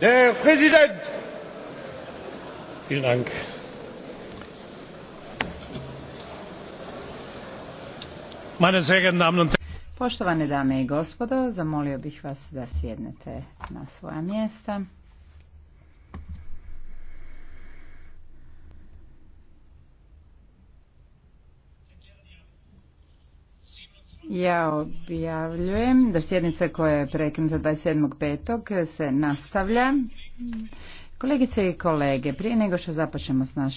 Der Präsident! Vielen Dank. Meine sehr geehrten Damen und Poštovane dame i gospodo, zamolio bih vas da sjednete na svoja mjesta. Ja objavljujem da sjednica koja je prekinuta 27.5. se nastavlja. Kolegice i kolege, prije nego što započnemo s našim